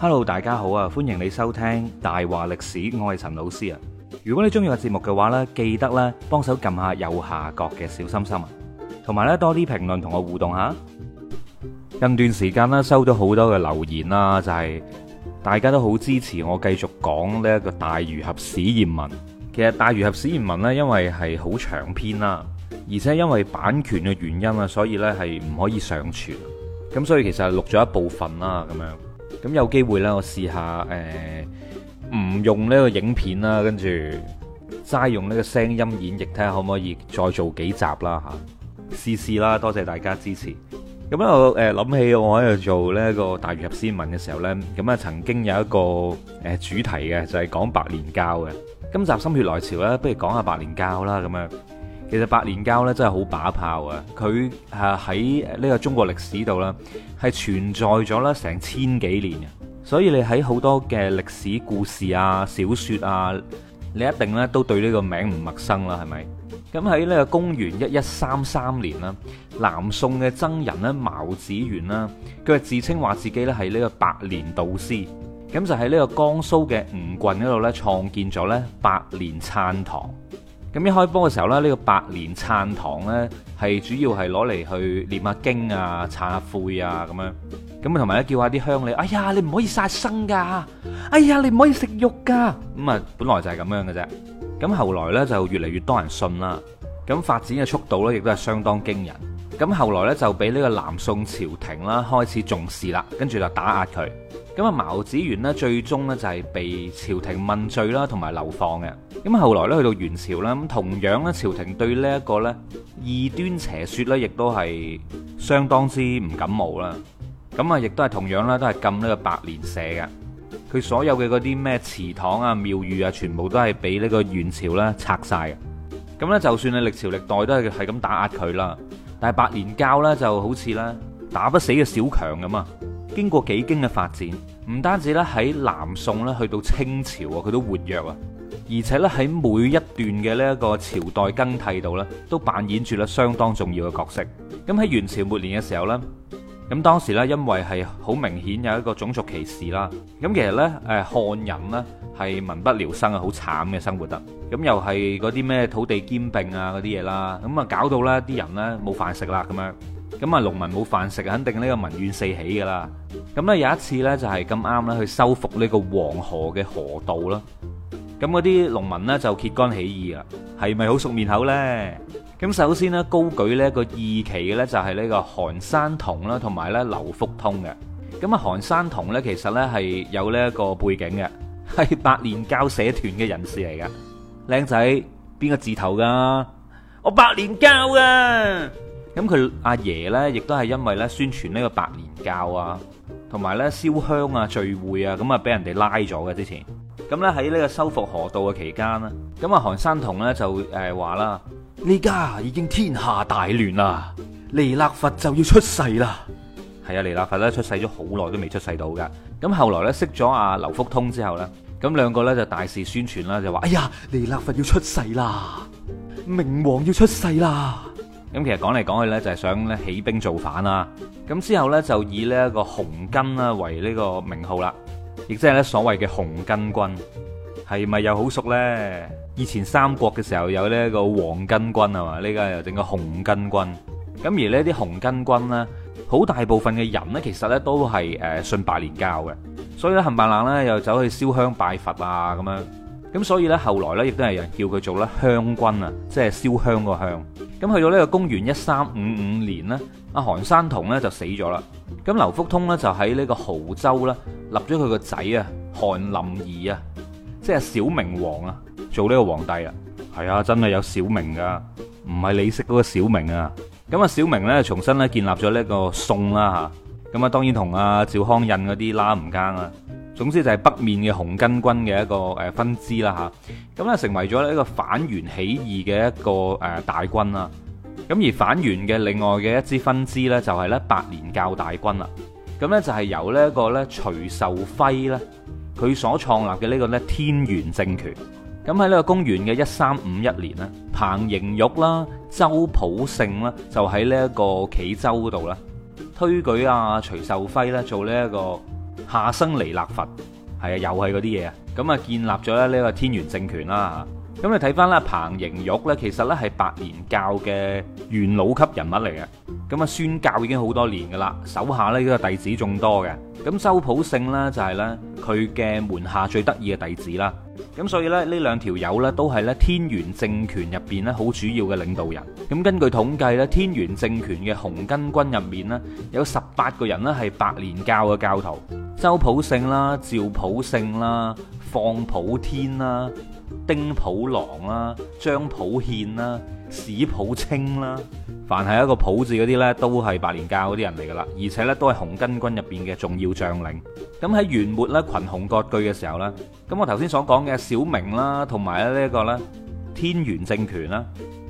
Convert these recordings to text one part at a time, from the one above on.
Hello，大家好啊！歡迎你收聽大話歷史，我係陳老師啊。如果你中意個節目嘅話呢，記得咧幫手撳下右下角嘅小心心啊，同埋呢多啲評論同我互動一下。近段時間啦，收咗好多嘅留言啦，就係大家都好支持我繼續講呢一個大儒俠史艷文。其實大儒俠史艷文呢，因為係好長篇啦，而且因為版權嘅原因啊，所以呢係唔可以上傳咁，所以其實錄咗一部分啦，咁樣。咁有機會咧，我試下誒唔用呢個影片啦，跟住齋用呢個聲音演繹，睇下可唔可以再做幾集啦嚇，試試啦！多謝大家支持。咁我誒諗、呃、起我喺度做呢個大魚入先文嘅時候咧，咁啊曾經有一個、呃、主題嘅，就係、是、講白蓮教嘅。今集心血來潮咧，不如講下白蓮教啦咁啊！其實白蓮教咧真係好把炮啊！佢喺呢個中國歷史度啦，係存在咗啦成千幾年，所以你喺好多嘅歷史故事啊、小說啊，你一定咧都對呢個名唔陌生啦，係咪？咁喺呢個公元一一三三年啦，南宋嘅僧人咧，茅子元啦，佢係自稱話自己咧係呢個白蓮導師，咁就喺呢個江蘇嘅吳郡嗰度咧，創建咗咧白蓮禪堂。咁一開波嘅時候咧，呢、呢個白蓮燦堂呢，係主要係攞嚟去唸下經啊、懺下悔啊咁樣，咁啊同埋咧叫下啲鄉里：「哎呀你唔可以殺生噶，哎呀你唔可以食肉噶，咁啊本來就係咁樣嘅啫。咁後來呢，就越嚟越多人信啦，咁發展嘅速度呢，亦都係相當驚人。咁後來咧就俾呢個南宋朝廷啦開始重視啦，跟住就打壓佢。咁啊，茅子元呢，最終呢，就係被朝廷問罪啦，同埋流放嘅。咁後來呢，去到元朝啦，咁同樣呢，朝廷對呢一個呢異端邪説呢，亦都係相當之唔感冒啦。咁啊，亦都係同樣啦，都係禁呢個白蓮社嘅。佢所有嘅嗰啲咩祠堂啊、廟宇啊，全部都係俾呢個元朝呢拆晒嘅。咁呢，就算係歷朝歷代都係係咁打壓佢啦。但係白蓮教咧就好似咧打不死嘅小強咁啊！經過幾經嘅發展，唔單止咧喺南宋咧去到清朝喎，佢都活躍啊！而且咧喺每一段嘅呢一個朝代更替度咧，都扮演住咧相當重要嘅角色。咁喺元朝末年嘅時候咧。咁當時呢，因為係好明顯有一個種族歧視啦。咁其實呢，誒漢人呢係民不聊生啊，好慘嘅生活得。咁又係嗰啲咩土地兼併啊嗰啲嘢啦。咁啊搞到呢啲人呢冇飯食啦咁樣。咁啊農民冇飯食啊，肯定呢個民怨四起噶啦。咁呢有一次呢就係咁啱啦，去修復呢個黃河嘅河道啦。咁嗰啲農民呢就揭竿起義啊，係咪好熟面口呢？咁首先咧，高舉呢一個義旗嘅咧就係呢個韓山童啦，同埋咧劉福通嘅。咁啊，韓山童咧其實咧係有呢一個背景嘅，係白蓮教社團嘅人士嚟㗎。靚仔，邊個字頭噶？我白蓮教啊！咁佢阿爺咧亦都係因為咧宣傳呢個白蓮教啊，同埋咧燒香啊、聚會啊，咁啊俾人哋拉咗嘅之前。咁咧喺呢個修復河道嘅期間啦，咁啊韓山童咧就誒話啦。呢家已經天下大亂啦，彌勒佛就要出世啦。係啊，彌勒佛咧出世咗好耐都未出世到噶。咁後來咧識咗阿劉福通之後咧，咁兩個咧就大肆宣傳啦，就話哎呀，彌勒佛要出世啦，明王要出世啦。咁其實講嚟講去咧就係想咧起兵造反啦。咁之後咧就以呢一個紅巾啦為呢個名號啦，亦即係咧所謂嘅紅巾軍。係咪又好熟呢？以前三國嘅時候有呢一個黃巾軍係嘛，呢家又整個紅巾軍。咁而呢啲紅巾軍呢，好大部分嘅人呢，其實呢都係誒信白蓮教嘅，所以咧冚唪唥咧又走去燒香拜佛啊，咁樣咁所以呢，後來呢亦都係人叫佢做咧香軍啊，即係燒香個香。咁去到呢個公元一三五五年呢，阿韓山童呢就死咗啦。咁劉福通呢，就喺呢個亳州呢立咗佢個仔啊，韓林兒啊。即係小明王啊，做呢個皇帝啊，係啊，真係有小明噶，唔係你識嗰個小明啊。咁啊，小明呢，重新呢，建立咗呢個宋啦吓，咁啊,啊，當然同阿趙匡胤嗰啲啦唔啱啦。總之就係北面嘅紅巾軍嘅一個誒分支啦吓，咁、啊、呢、啊，成為咗呢一個反元起義嘅一個誒大軍啦。咁、啊、而反元嘅另外嘅一支分支呢，就係呢白蓮教大軍啦。咁、啊啊就是這個啊、呢，就係由呢一個咧徐壽輝呢。佢所創立嘅呢個咧天元政權，咁喺呢個公元嘅一三五一年咧，彭瑩玉啦、周普勝啦，就喺呢一個蘄州度啦，推舉阿徐秀輝咧做呢一個下生彌勒佛，係啊，又係嗰啲嘢啊，咁啊建立咗咧呢個天元政權啦。咁你睇翻啦，彭瑩玉咧，其實咧係白蓮教嘅元老級人物嚟嘅。咁啊，宣教已經好多年噶啦，手下呢個弟子眾多嘅。咁周普勝呢，就係呢佢嘅門下最得意嘅弟子啦。咁所以咧呢兩條友呢，都係呢天元政權入邊呢好主要嘅領導人。咁根據統計呢，天元政權嘅紅巾軍入面呢，有十八個人呢係白蓮教嘅教徒。周普勝啦、趙普勝啦、方普天啦、丁普郎啦、張普憲啦。史普清啦，凡係一個普字嗰啲呢，都係白蓮教嗰啲人嚟噶啦，而且呢，都係紅巾軍入邊嘅重要將領。咁喺元末呢，群雄割據嘅時候呢，咁我頭先所講嘅小明啦，同埋呢一個呢天元政權啦，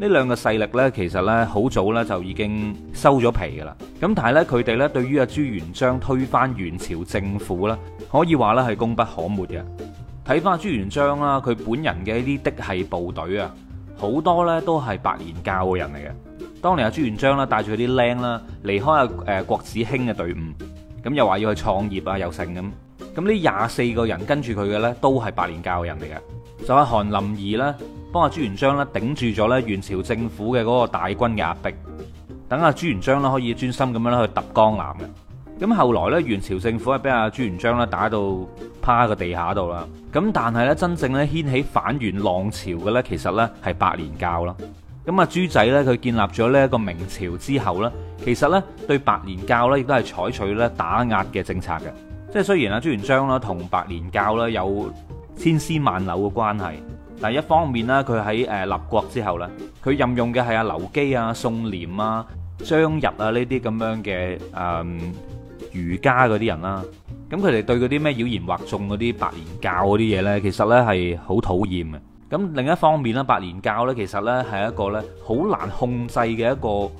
呢兩個勢力呢，其實呢好早呢就已經收咗皮噶啦。咁但係呢，佢哋呢對於阿朱元璋推翻元朝政府呢，可以話呢係功不可沒嘅。睇翻朱元璋啦，佢本人嘅呢啲嫡系部隊啊。好多呢都係白蓮教嘅人嚟嘅，當年阿朱元璋呢帶住啲僆啦離開阿誒郭子興嘅隊伍，咁又話要去創業啊又成咁，咁呢廿四個人跟住佢嘅呢都係白蓮教嘅人嚟嘅。就係、是、韓林兒呢幫阿朱元璋呢頂住咗呢元朝政府嘅嗰個大軍嘅壓逼，等阿朱元璋呢可以專心咁樣去揼江南嘅。咁後來咧，元朝政府係俾阿朱元璋咧打到趴個地下度啦。咁但係咧，真正咧掀起反元浪潮嘅咧，其實咧係白蓮教啦。咁阿朱仔咧，佢建立咗呢一個明朝之後咧，其實咧對白蓮教咧，亦都係採取咧打壓嘅政策嘅。即係雖然啊，朱元璋啦同白蓮教呢有千絲萬縷嘅關係，但係一方面呢，佢喺立國之後咧，佢任用嘅係阿劉基啊、宋濂啊、張日啊呢啲咁樣嘅儒家嗰啲人啦，咁佢哋對嗰啲咩妖言惑眾嗰啲白蓮教嗰啲嘢呢，其實呢係好討厭嘅。咁另一方面呢，白蓮教呢，其實呢係一個呢好難控制嘅一個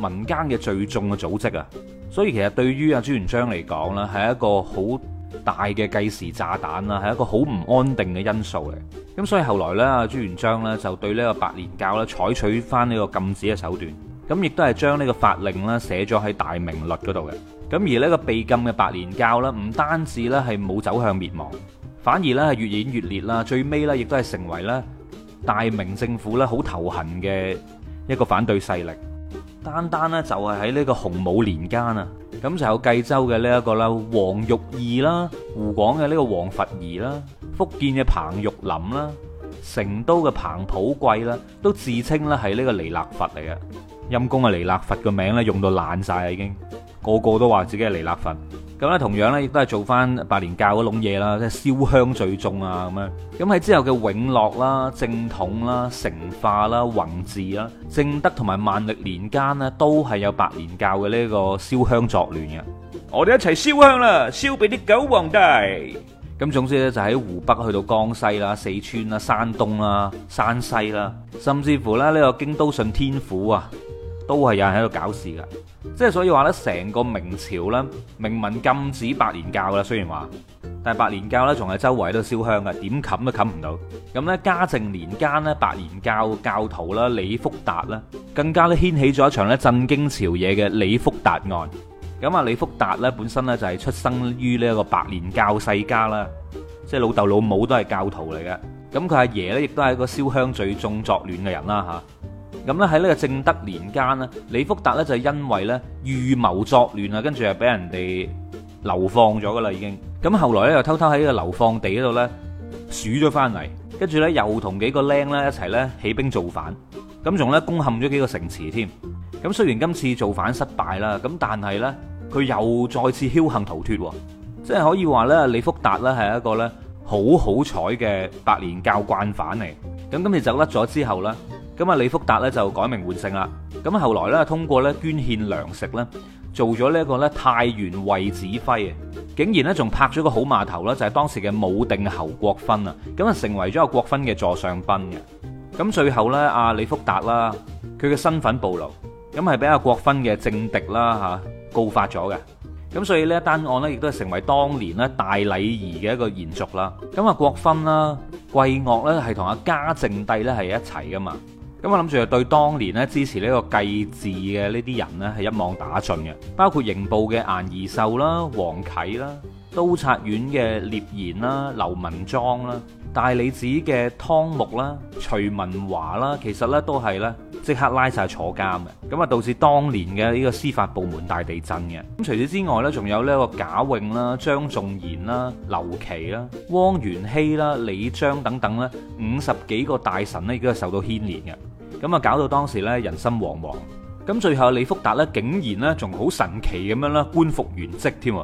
民間嘅聚眾嘅組織啊。所以其實對於阿朱元璋嚟講呢，係一個好大嘅計時炸彈啦，係一個好唔安定嘅因素嚟。咁所以後來呢，阿朱元璋呢，就對呢個白蓮教呢，採取返呢個禁止嘅手段。咁亦都係將呢個法令咧寫咗喺《大明律》嗰度嘅。咁而呢個被禁嘅白蓮教啦，唔單止呢係冇走向滅亡，反而呢係越演越烈啦。最尾呢，亦都係成為咧大明政府呢好頭痕嘅一個反對勢力。單單呢，就係喺呢個洪武年間啊，咁就有貴州嘅呢一個啦黃玉兒啦，湖廣嘅呢個黃佛兒啦，福建嘅彭玉林啦，成都嘅彭普貴啦，都自稱咧係呢個彌勒佛嚟嘅。陰公啊！彌勒佛個名咧用到爛曬啦，已經個個都話自己係彌勒佛。咁咧同樣咧，亦都係做翻白蓮教嗰種嘢啦，即係燒香聚眾啊咁樣。咁喺之後嘅永樂啦、正統啦、成化啦、弘治啦、正德同埋萬歷年間咧，都係有白蓮教嘅呢個燒香作亂嘅。我哋一齊燒香啦，燒俾啲狗皇帝。咁總之咧，就喺湖北去到江西啦、四川啦、山東啦、山西啦，甚至乎咧呢個京都順天府啊。都係有人喺度搞事噶，即係所以話呢，成個明朝呢，明文禁止白蓮教啦。雖然話，但係白蓮教呢，仲係周圍都燒香嘅，點冚都冚唔到。咁呢，嘉靖年間呢，白蓮教教徒啦，李福達啦，更加咧掀起咗一場咧震驚朝野嘅李福達案。咁啊，李福達呢，本身呢，就係出生於呢一個白蓮教世家啦，即係老豆老母都係教徒嚟嘅。咁佢阿爺呢，亦都係一個燒香最重作亂嘅人啦，吓。咁咧喺呢個正德年間咧，李福達咧就係因為咧預謀作亂啊，跟住又俾人哋流放咗噶啦已經。咁後來咧又偷偷喺個流放地嗰度咧，鼠咗翻嚟，跟住咧又同幾個僆咧一齊咧起兵造反，咁仲咧攻陷咗幾個城池添。咁雖然今次造反失敗啦，咁但係咧佢又再次僥倖逃脫喎，即係可以話咧李福達咧係一個咧好好彩嘅白蓮教慣犯嚟。咁今次就甩咗之後咧。咁啊！李福達咧就改名換姓啦。咁後來咧，通過咧捐獻糧食咧，做咗呢一個咧太原衛指揮，啊，竟然咧仲拍咗個好碼頭啦，就係當時嘅武定侯郭勛啊。咁啊，成為咗阿郭勛嘅座上賓嘅。咁最後咧，阿李福達啦，佢嘅身份暴露，咁係俾阿郭勛嘅政敵啦吓告發咗嘅。咁所以呢一單案咧，亦都係成為當年咧大禮儀嘅一個延續啦。咁啊，郭勛啦，桂萼咧係同阿嘉靖帝咧係一齊噶嘛。咁我諗住對當年咧支持呢個繼嗣嘅呢啲人呢係一網打盡嘅，包括刑部嘅顏頤壽啦、黃啟啦、都察院嘅聶賢啦、劉文莊啦、大理寺嘅湯沐啦、徐文華啦，其實呢都係呢即刻拉晒坐監嘅，咁啊導致當年嘅呢個司法部門大地震嘅。咁除此之外呢，仲有呢個賈詠啦、張仲賢啦、劉琦啦、汪元熙啦、李章等等呢五十幾個大臣呢亦都係受到牽連嘅。咁啊，搞到當時咧人心惶惶。咁最後李福達咧，竟然咧仲好神奇咁樣啦，官復原職添。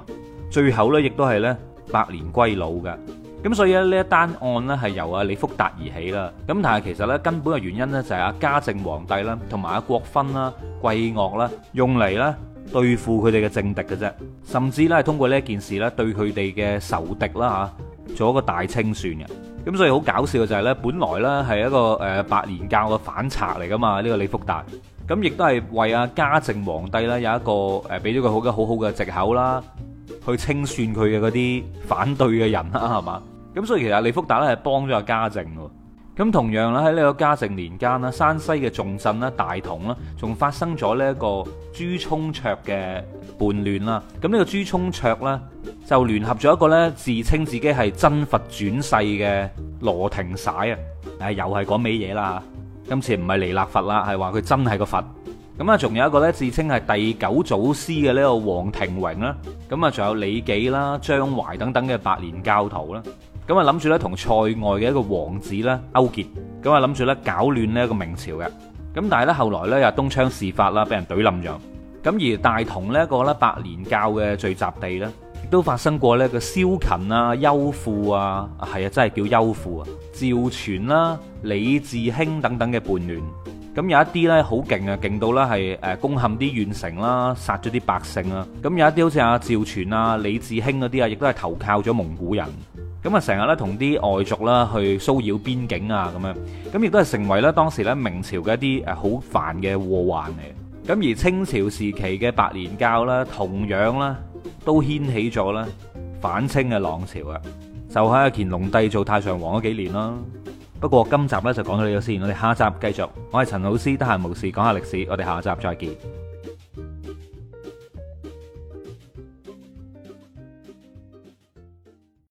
最後咧，亦都係咧百年歸老㗎。咁所以咧，呢一單案咧係由阿李福達而起啦。咁但係其實咧，根本嘅原因咧就係阿嘉靖皇帝啦，同埋阿郭勛啦、桂萼啦，用嚟咧對付佢哋嘅政敵嘅啫。甚至咧係通過呢一件事咧，對佢哋嘅仇敵啦嚇做一個大清算嘅。咁所以好搞笑嘅就係咧，本來咧係一個誒白蓮教嘅反賊嚟噶嘛，呢個李福達，咁亦都係為阿嘉靖皇帝咧有一個誒俾咗個好嘅好好嘅藉口啦，去清算佢嘅嗰啲反對嘅人啦，係嘛？咁所以其實李福達咧係幫咗阿嘉靖喎。咁同樣啦，喺呢個嘉靖年間啦，山西嘅重鎮啦，大同啦，仲發生咗呢一個朱充灼嘅叛亂啦。咁呢個朱充灼呢，就聯合咗一個呢，自稱自己係真佛轉世嘅羅廷璽啊！誒，又係講咩嘢啦？今次唔係彌勒佛啦，係話佢真係個佛。咁啊，仲有一個呢，自稱係第九祖師嘅呢個王廷榮啦。咁啊，仲有李紀啦、張懷等等嘅白蓮教徒啦。咁啊，諗住咧同塞外嘅一個王子咧勾結，咁啊，諗住咧搞亂呢一個明朝嘅。咁但係咧，後來咧又東窗事發啦，俾人懟冧咗。咁而大同呢個咧白蓮教嘅聚集地咧，亦都發生過呢個蕭勤啊、邱富啊，係啊，真係叫邱富啊。趙全啦、李自興等等嘅叛亂，咁有一啲咧好勁啊，勁到啦係誒攻陷啲縣城啦，殺咗啲百姓啊。咁有一啲好似阿趙全啊、李自興嗰啲啊，亦都係投靠咗蒙古人。咁啊，成日咧同啲外族啦去騷擾邊境啊，咁樣咁亦都係成為咧當時咧明朝嘅一啲好煩嘅禍患嚟。咁而清朝時期嘅百年教白蓮教啦，同樣啦都掀起咗啦反清嘅浪潮啊。就喺阿乾隆帝做太上皇嗰幾年啦。不過今集呢，就講到呢度先，我哋下一集繼續。我係陳老師，得閒無事講下歷史，我哋下一集再見。